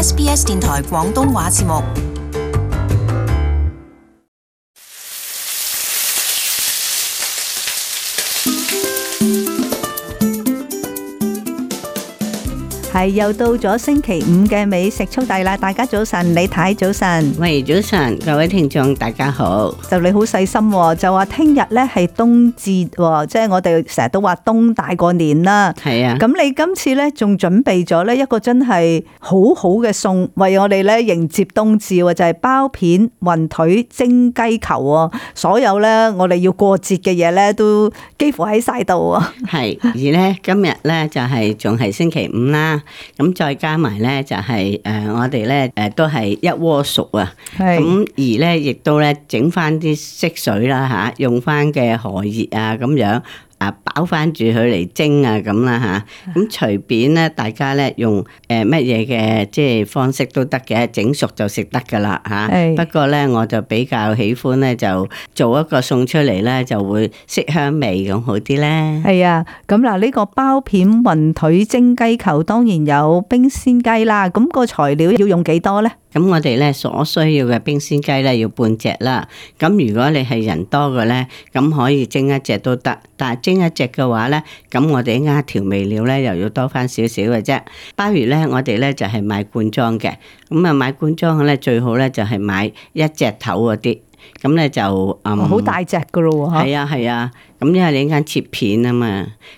SBS 電台廣東話節目。係又到咗星期五嘅美食速遞啦！大家早晨，李太早晨，喂早晨，各位聽眾大家好。就你好細心，就話聽日呢係冬至，即、哦、係、就是、我哋成日都話冬大過年啦。係啊，咁你今次呢仲準備咗呢一個真係好好嘅餸，為我哋呢迎接冬至，就係、是、包片、雲腿、蒸雞球啊！所有呢，我哋要過節嘅嘢呢都幾乎喺晒度啊！係，而呢今日呢、就是，就係仲係星期五啦。咁再加埋咧，就係誒，我哋咧誒，都係一鍋熟啊。係。咁而咧，亦都咧整翻啲色水啦吓，用翻嘅荷葉啊咁樣。啊，包翻住佢嚟蒸啊，咁啦吓，咁隨便咧，大家咧用誒乜嘢嘅，即係方式都得嘅，整熟就食得噶啦吓。的不過咧，我就比較喜歡咧，就做一個送出嚟咧，就會色香味咁好啲咧。係啊，咁嗱，呢個包片雲腿蒸雞球當然有冰鮮雞啦。咁個材料要用幾多咧？咁我哋咧所需要嘅冰鮮雞咧要半隻啦，咁如果你係人多嘅咧，咁可以蒸一隻都得，但係蒸一隻嘅話咧，咁我哋一陣間調味料咧又要多翻少少嘅啫。鮑魚咧我哋咧就係買罐裝嘅，咁啊買罐裝嘅咧最好咧就係買一隻頭嗰啲。咁咧就、嗯哦、啊，好大隻㗎喇喎！係啊係啊，咁因為你陣間切片啊嘛，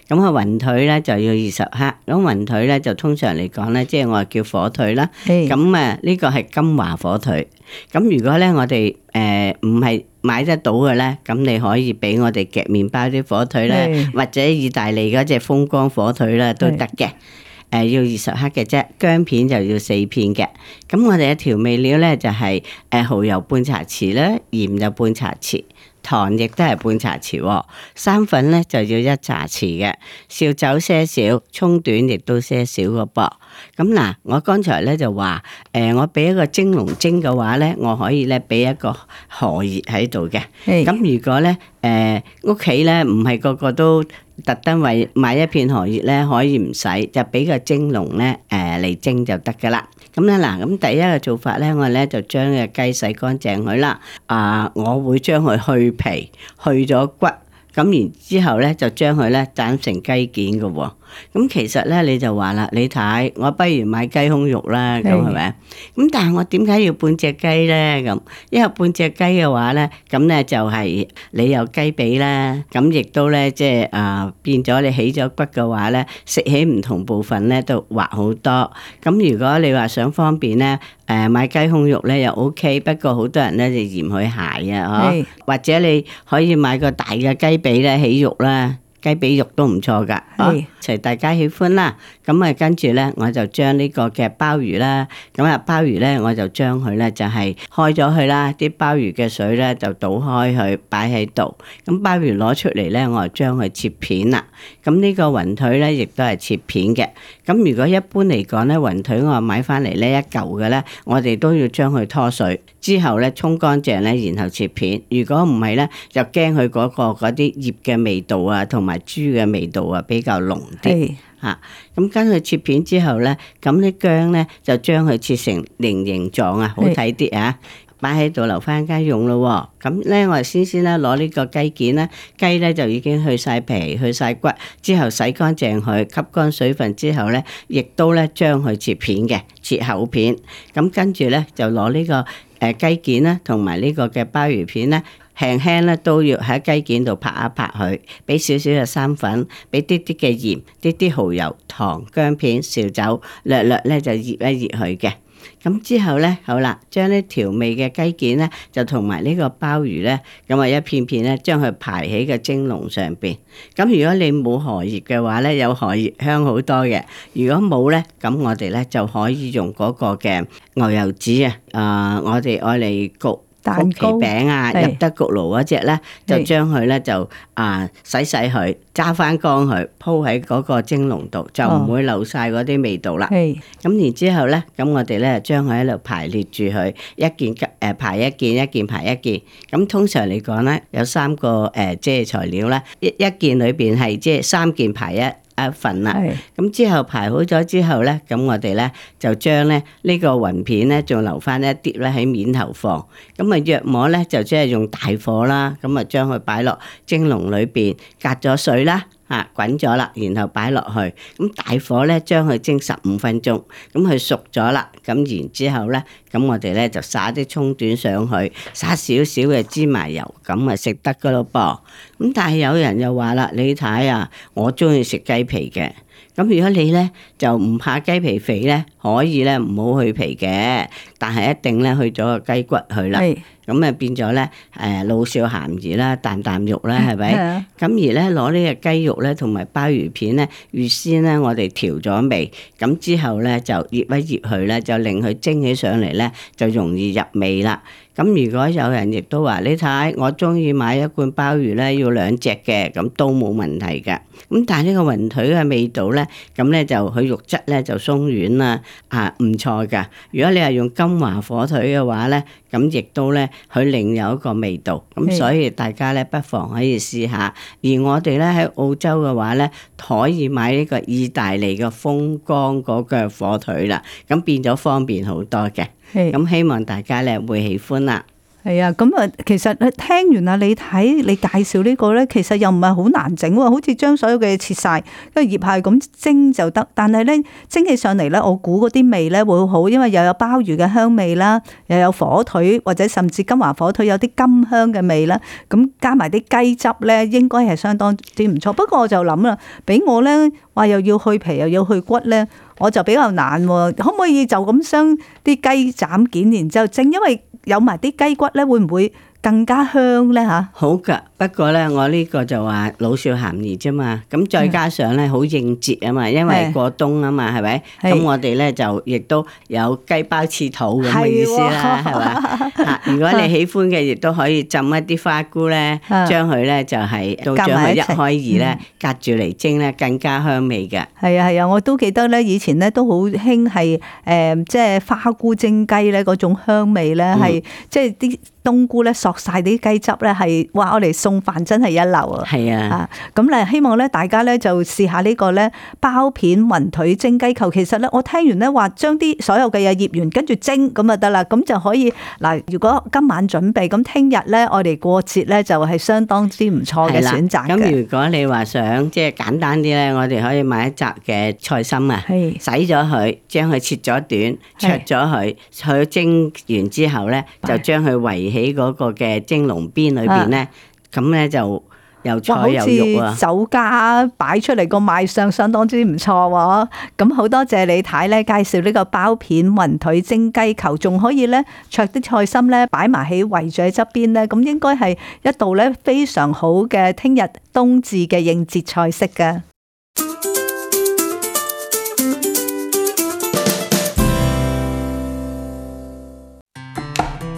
咁、嗯、啊雲腿咧就要二十克，咁、嗯、雲腿咧就通常嚟講咧，即係我叫火腿啦，咁啊呢個係金華火腿，咁、嗯嗯、如果咧我哋誒唔係買得到嘅咧，咁你可以俾我哋夾麵包啲火腿咧，嗯、或者意大利嗰隻風乾火腿啦都得嘅。嗯嗯嗯誒要二十克嘅啫，薑片就要四片嘅。咁我哋嘅調味料咧就係誒蠔油半茶匙啦，鹽就半茶匙。糖亦都係半茶匙，生粉咧就要一茶匙嘅，紹酒些少，葱段亦都些少嘅噃。咁嗱，我剛才咧就話，誒、呃，我俾一個龍蒸籠蒸嘅話咧，我可以咧俾一個荷葉喺度嘅。咁 Hey. 如果咧，誒、呃，屋企咧唔係個個都特登為買一片荷葉咧，可以唔使，就俾個蒸籠咧，誒、呃、嚟蒸就得噶啦。咁咧嗱，咁、嗯、第一個做法咧，我咧就將隻雞洗乾淨佢啦。啊，我會將佢去皮、去咗骨，咁然之後咧就將佢咧斬成雞件㗎喎、哦。咁其實咧，你就話啦，你睇，我不如買雞胸肉啦，咁係咪？咁但係我點解要半隻雞咧？咁因為半隻雞嘅話咧，咁咧就係你有雞髀啦。咁亦都咧即係啊變咗你起咗骨嘅話咧，食起唔同部分咧都滑好多。咁如果你話想方便咧，誒、呃、買雞胸肉咧又 OK，不過好多人咧就嫌佢鞋啊，是的 或者你可以買個大嘅雞髀咧起肉啦。雞髀肉都唔錯㗎，隨是、啊、大家喜歡啦。咁啊，跟住呢，我就將呢個嘅鮑魚啦，咁啊鮑魚呢，我就將佢呢，就係開咗佢啦，啲鮑魚嘅水呢，就倒開佢，擺喺度。咁鮑魚攞出嚟呢，我就將佢切片啦。咁、這、呢個雲腿呢，亦都係切片嘅。咁如果一般嚟講呢，雲腿我買翻嚟呢一嚿嘅呢，我哋都要將佢拖水之後呢，沖乾淨呢，然後切片。如果唔係呢，就驚佢嗰個嗰啲醃嘅味道啊，同埋。豬嘅味道是啊，比較濃啲吓，咁跟佢切片之後咧，咁啲薑咧就將佢切成菱形狀啊，好睇啲啊，擺喺度留翻雞用咯。咁咧我哋先先咧攞呢個雞件咧，雞咧就已經去晒皮、去晒骨，之後洗乾淨佢，吸乾水分之後咧，亦都咧將佢切片嘅，切厚片。咁跟住咧就攞呢個誒雞件咧，同埋呢個嘅鮑魚片咧。輕輕咧都要喺雞件度拍一拍佢，俾少少嘅生粉，俾啲啲嘅鹽，啲啲蠔油、糖、薑片、紹酒，略略咧就醃一醃佢嘅。咁之後咧，好啦，將啲調味嘅雞件咧，就同埋呢個鮑魚咧，咁啊一片片咧，將佢排喺個蒸籠上邊。咁如果你冇荷葉嘅話咧，有荷葉香好多嘅。如果冇咧，咁我哋咧就可以用嗰個嘅牛油紙啊。誒、呃，我哋愛嚟焗。焗皮餅啊，是入得焗爐嗰隻咧，就將佢咧就啊洗洗佢，揸翻乾佢，鋪喺嗰個蒸籠度，就唔會漏晒嗰啲味道啦。咁是然之後咧，咁我哋咧將佢喺度排列住佢，一件誒排一件，一件排一件。咁、嗯、通常嚟講咧，有三個誒即係材料啦，一一件裏邊係即係三件排一。啊份啦，咁之後排好咗之後咧，咁是我哋咧就將咧呢個雲片咧，仲留翻一碟咧喺面頭放，咁啊藥膜咧就即係用大火啦，咁啊將佢擺落蒸籠裏邊，隔咗水啦。啊，滾咗啦，然後擺落去，咁大火咧將佢蒸十五分鐘，咁佢熟咗啦，咁然之後咧，咁我哋咧就撒啲葱段上去，撒少少嘅芝麻油，咁咪食得噶咯噃。咁但係有人又話啦，你睇啊，我中意食雞皮嘅，咁如果你咧就唔怕雞皮肥咧，可以咧唔好去皮嘅，但係一定咧去咗個雞骨去啦。咁啊，變咗咧，誒，老少咸宜啦，啖啖肉啦，係咪？咁 而咧攞呢個雞肉咧，同埋鮑魚片咧，預先咧，我哋調咗味，咁之後咧就醃一醃佢咧，就令佢蒸起上嚟咧，就容易入味啦。咁如果有人亦都話，你睇我中意買一罐鮑魚咧，要兩隻嘅，咁都冇問題嘅。咁但係呢個雲腿嘅味道咧，咁咧就佢肉質咧就鬆軟啦，啊唔錯嘅。如果你係用金華火腿嘅話咧，咁亦都咧佢另有一個味道。咁是所以大家咧不妨可以試下。而我哋咧喺澳洲嘅話咧，可以買呢個意大利嘅風乾嗰隻火腿啦，咁變咗方便好多嘅。咁希望大家咧會喜歡啦。係啊，咁啊，其實聽完啊，你睇你介紹呢個咧，其實又唔係好難整喎，好似將所有嘅嘢切晒，跟住醃係咁蒸就得。但係咧蒸起上嚟咧，我估嗰啲味咧會好，因為又有鮑魚嘅香味啦，又有火腿或者甚至金華火腿有啲甘香嘅味啦。咁加埋啲雞汁咧，應該係相當之唔錯。不過我就諗啦，俾我咧，話又要去皮又要去骨咧，我就比較難喎。可唔可以就咁將啲雞斬件然之後蒸？因為有埋啲雞骨咧，會唔會？更加香咧吓，好噶。不過咧，我呢個就話老少咸宜啫嘛。咁再加上咧，好應節啊嘛，因為過冬啊嘛，係咪是？咁我哋咧就亦都有雞包翅肚咁嘅意思啦，係嘛？如果你喜歡嘅，亦都可以浸一啲花菇咧，將佢咧就係到將佢一開二咧，隔住嚟蒸咧，更加香味嘅。係啊係啊，我都記得咧，以前咧都好興係誒，即、呃、係、即係、花菇蒸雞咧，嗰種香味咧係即係啲。嗯冬菇咧索曬啲雞汁咧係，哇！我哋送飯真係一流啊！係啊，咁咧希望咧大家咧就試下呢個咧包片雲腿蒸雞球。其實咧我聽完咧話將啲所有嘅嘢醃完，跟住蒸咁就得啦，咁就可以嗱。如果今晚準備咁，聽日咧我哋過節咧就係相當之唔錯嘅選擇。咁如果你話想即係簡單啲咧，我哋可以買一紮嘅菜心啊，洗咗佢，將佢切咗段，灼咗佢，佢蒸完之後咧就將佢圍喺嗰個嘅蒸籠邊裏邊呢，咁呢就有菜有肉啊！酒家擺出嚟個賣相相當之唔錯喎，咁好多謝李太呢介紹呢個包片雲腿蒸雞球，仲可以呢灼啲菜心呢擺埋喺圍住側邊呢，咁應該係一道呢非常好嘅聽日冬至嘅應節菜式嘅。